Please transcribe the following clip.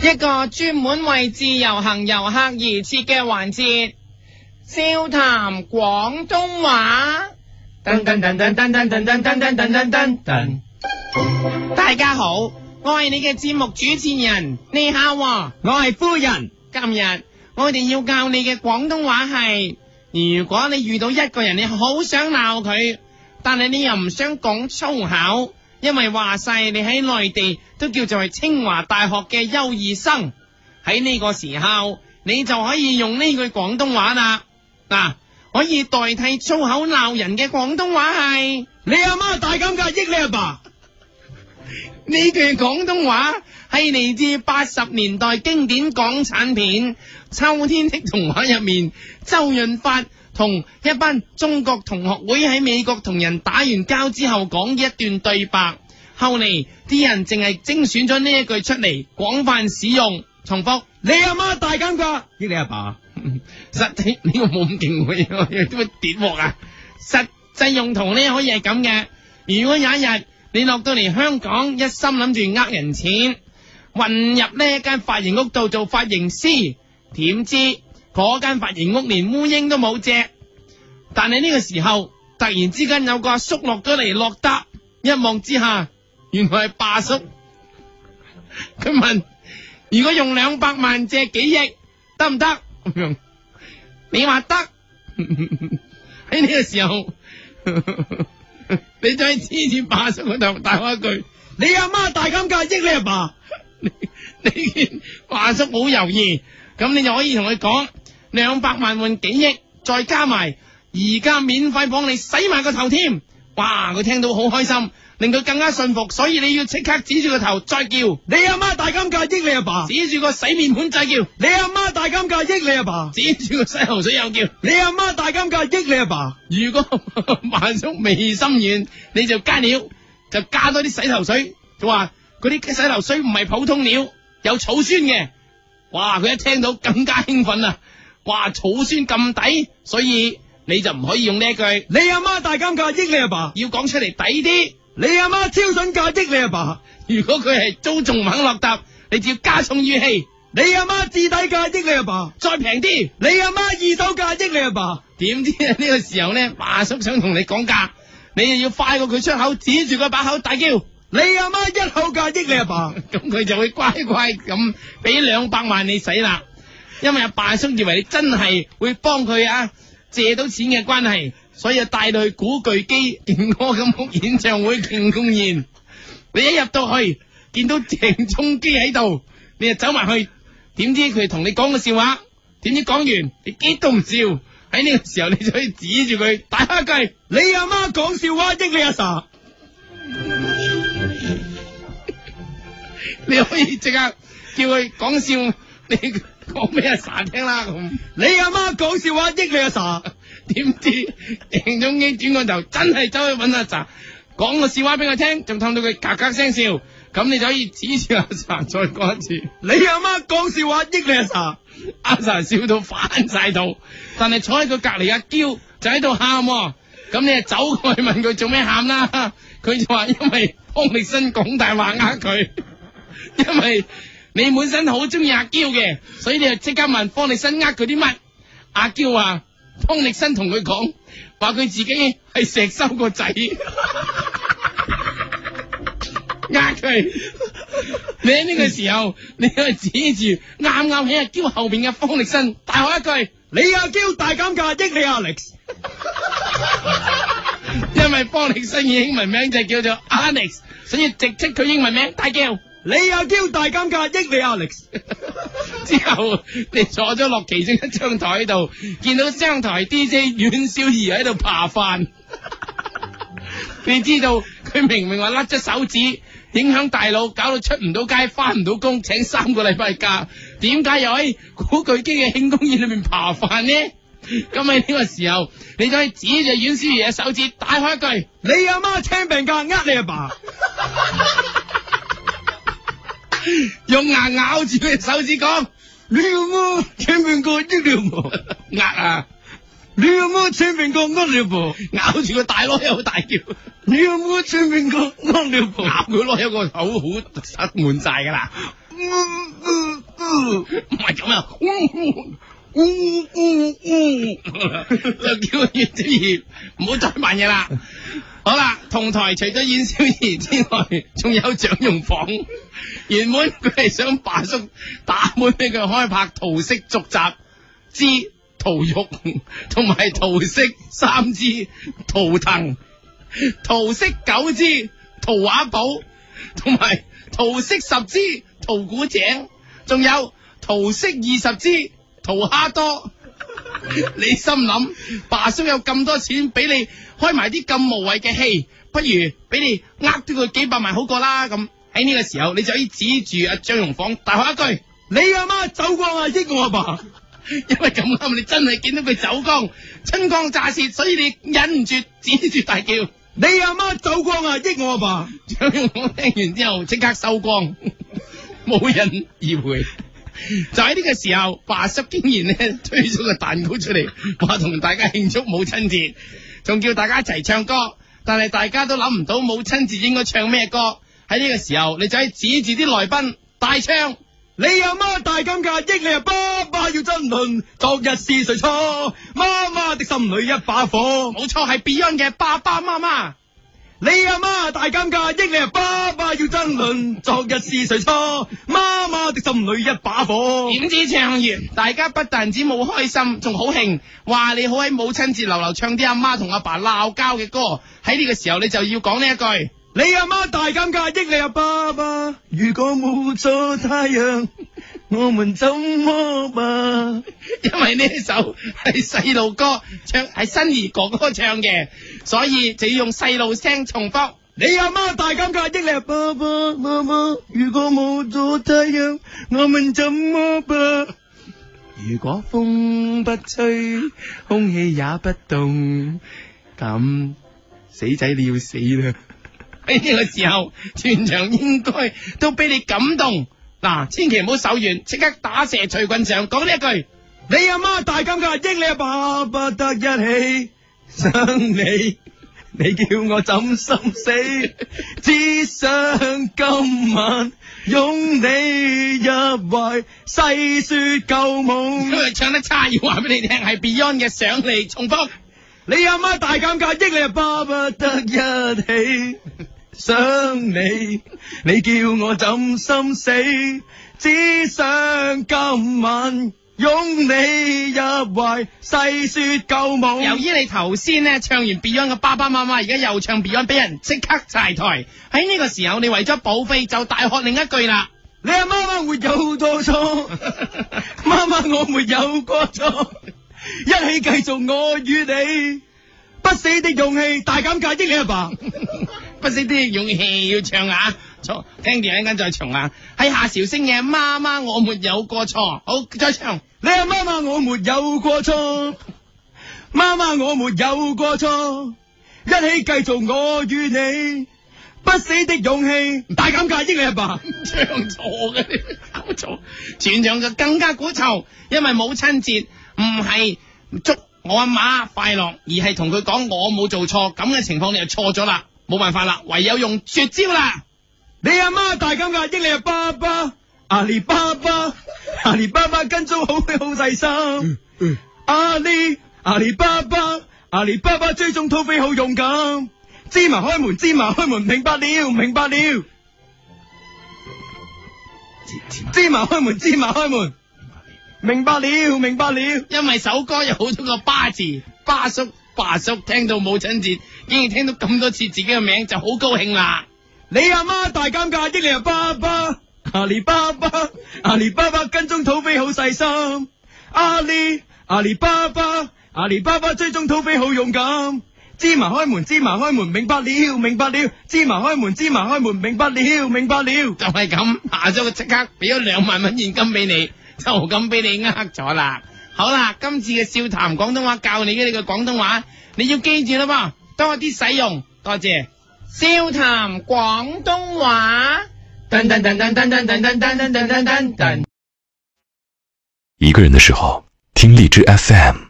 一個專門為自由行遊客而設嘅環節，笑談廣東話。大家好，我係你嘅節目主持人。你好呀，我係夫人。今日我哋要教你嘅廣東話係，如果你遇到一個人，你好想鬧佢，但係你又唔想講粗口，因為話晒你喺內地。都叫做係清華大學嘅優異生，喺呢個時候你就可以用呢句廣東話啦，嗱、啊，可以代替粗口鬧人嘅廣東話係：你阿媽大減價益你阿爸。呢 句廣東話係嚟自八十年代經典港產片《秋天的童話》入面，周潤發同一班中國同學會喺美國同人打完交之後講嘅一段對白。後嚟啲人淨係精選咗呢一句出嚟，廣泛使用。重複，你阿媽大減價益你阿爸。實際呢、這個冇咁勁嘅，有啲會跌鑊啊。實際用途呢，可以係咁嘅。如果有一日你落到嚟香港，一心諗住呃人錢，混入呢一間髮型屋度做髮型師，點知嗰間髮型屋連烏蠅都冇隻。但係呢個時候突然之間有個阿叔落咗嚟落搭，一望之下。原來係霸叔，佢問：如果用兩百萬借幾億得唔得？你話得。喺呢 個時候， 你再黐住霸叔嗰頭大我一句： 你阿媽，媽大減價益 你，你阿爸。你霸叔冇猶豫，咁你就可以同佢講：兩百萬換幾億，再加埋而家免費幫你洗埋個頭添。哇！佢聽到好開心，令佢更加信服，所以你要即刻指住個頭再叫你阿媽，媽大減價益你阿、啊、爸，指住個洗面盆再叫你阿媽，媽大減價益你阿、啊、爸，指住個洗頭水又叫你阿媽，媽大減價益你阿、啊、爸。如果萬叔未心願，你就加料，就加多啲洗頭水。佢話嗰啲洗頭水唔係普通料，有草酸嘅。哇！佢一聽到更加興奮啊！哇，草酸咁抵，所以。你就唔可以用呢一句，你阿媽大減價益你阿爸，要講出嚟抵啲。你阿媽超准價益你阿爸，如果佢係租仲唔肯落答，你就要加重語氣。你阿媽自低價益你阿爸，再平啲。你阿媽二手價益你阿爸，點知呢個時候咧，馬叔想同你講價，你又要快過佢出口，指住佢把口大叫，你阿媽一口價益你阿爸，咁佢 就會乖乖咁俾兩百萬你使啦。因為阿爸叔以為你真係會幫佢啊。借到錢嘅關係，所以帶到去古巨基、勁歌咁屋演唱會慶功宴。你一入到去，見到鄭中基喺度，你就走埋去。點知佢同你講個笑話。點知講完，你一都唔笑。喺呢個時候，你就可以指住佢，大蝦雞，你阿媽講笑話益你阿嫂。你可以即刻叫佢講笑。你講俾阿 Sir 聽啦，咁你，你阿媽講笑話益你阿 Sir。點知鄭中基轉個頭真係走去搵阿 Sir 講個笑話俾佢聽，仲氹到佢咔咔聲笑，咁你就可以指住阿 Sir 再講一次。你阿媽講笑話益你阿 Sir，阿 Sir 笑到反晒肚，但係坐喺佢隔籬阿嬌就喺度喊，咁你就走過去問佢做咩喊啦？佢就話因為方力申講大話呃佢，因為。你本身好中意阿嬌嘅，所以你就即刻問方力申呃佢啲乜？阿嬌啊，方力申同佢講，話佢自己係石修個仔，呃佢。 你喺呢個時候，你又指住啱啱喺阿嬌後邊嘅方力申，大喊一句：， 你阿、啊、嬌大減價，益你阿力。Alex」 因為方力申嘅英文名就叫做 Alex，所以直斥佢英文名大叫。你又叫大金價，益你阿 Lex 之後你坐咗落其中一張台度，見到商台 DJ 阮小儀喺度扒飯。 你知道佢明明話甩咗手指，影響大腦，搞到出唔到街，返唔到工，請三個禮拜假，點解又喺古巨基嘅慶功宴裏面扒飯呢？咁喺呢個時候，你就可以指住阮小儀嘅手指，打開一句：你阿媽請病假，呃你阿爸,爸。 用牙咬住佢手指講，你要麼穿面過啲尿婆？呃啊，你要麼穿面過啲尿婆？咬住個大籮柚大叫，你要麼穿面過啲尿婆？咬佢籮柚個口好塞滿晒噶啦，唔唔唔，唔係咁啊，嗚嗚嗚，就叫熱啲熱，唔好再扮嘢啦。好啦，同台除咗燕小儀之外，仲有蔣用房。原本佢係想爸叔打妹俾佢開拍《桃色續集》之《桃玉》同埋《桃色》三支《桃藤》《桃色》九支《桃花寶》同埋《桃色》十支《桃古井》，仲有《桃色》二十支《桃蝦多》。 你心諗，爸叔有咁多錢俾你開埋啲咁無謂嘅戲，不如俾你呃咗佢幾百萬好過啦。咁喺呢個時候，你就可以指住阿張榮房大喝一句： 你阿媽走光啊，益我阿爸！ 因為咁啱，你真係見到佢走光，春光乍泄，所以你忍唔住指住大叫： 你阿媽走光啊，益我阿爸！張榮房聽完之後即刻收光，冇 人而回。就喺呢個時候，華叔竟然咧推咗個蛋糕出嚟，話同大家慶祝母親節，仲叫大家一齊唱歌。但係大家都諗唔到母親節應該唱咩歌。喺呢個時候，你仔指住啲來賓大唱：你阿媽大減價益你阿爸，爸爸要爭論，昨日是誰錯？媽媽的心裏一把火。冇錯，係 Beyond 嘅爸爸媽媽。你阿媽大減價，益你阿爸爸要爭論，昨日是誰錯？媽媽的心裏一把火，點知唱完，大家不但止冇開心，仲好㷫，話你好喺母親節流流唱啲阿媽同阿爸鬧交嘅歌，喺呢個時候你就要講呢一句，你阿媽大減價，益你阿爸爸，如果冇咗太陽。 我們怎麼辦？因為呢首係細路歌，唱，係新兒哥哥唱嘅，所以就要用細路聲重複。你阿媽大減價，益你爸爸爸爸，如果冇咗太陽，我們怎麼辦？如果風不吹，空氣也不動，咁死仔你要死啦！喺呢 個時候，全場應該都俾你感動。嗱，啊、千祈唔好手軟，即刻打蛇隨棍上，講呢一句，你阿媽大減價，益你阿爸不得一起，想你，你叫我怎心死，只想今晚擁你入懷，細說舊夢。因為唱得差，要話俾你聽，係 Beyond 嘅想你，重複，你阿媽大減價，益你阿爸不得一起。想你，你叫我怎心死？只想今晚擁你入懷，細說舊夢。由於你頭先呢唱完 Beyond 嘅《爸爸媽媽》，而家又唱 Beyond，俾人即刻柴台。喺呢個時候，你為咗保飛，就大喝另一句啦！你阿、啊、媽媽會有多錯，錯？媽媽我沒有過錯，錯，一起繼續我與你不死的勇氣，大減價，益你阿爸，爸。 啲勇氣要唱啊！從聽完一陣再唱啊。喺夏韶聲嘅媽媽，我沒有過錯。好，再唱你媽媽我沒有過錯，媽媽我沒有過錯，一起繼續我與你不死的勇氣。大減價，益你阿爸！唱錯嘅，搞錯全場就更加鼓臭，因為母親節唔係祝我阿媽快樂，而係同佢講我冇做錯咁嘅情況，你就錯咗啦。冇辦法啦，唯有用絕招啦！你阿媽大減價，益你阿爸爸，阿里巴巴， 阿里巴巴跟蹤好費好細心，阿里阿里巴巴阿里巴巴追蹤土匪好勇敢，芝麻開門芝麻開門，明白了明白了芝，麻芝，芝麻開門芝麻開門，明白了明白了，因為首歌有好多個巴字，巴叔巴叔聽到母親節。竟然聽到咁多次自己嘅名就好高興啦！你阿媽大減價益你阿爸，阿里巴巴，阿里巴巴跟蹤土匪好細心，阿里阿里巴巴阿里巴巴追蹤土匪好勇敢，芝麻開門芝麻開門，明白了明白了，芝麻開門芝麻開門，明白了明白了，白了就係咁，下咗個即刻俾咗兩萬蚊現金俾你，就咁俾你呃咗啦。好啦，今次嘅笑談廣東話教你嘅你嘅廣東話，你要記住啦噃。多啲使用，多謝。笑談廣東話。噔噔噔噔噔噔噔噔噔。一個人的時候，聽荔枝 FM。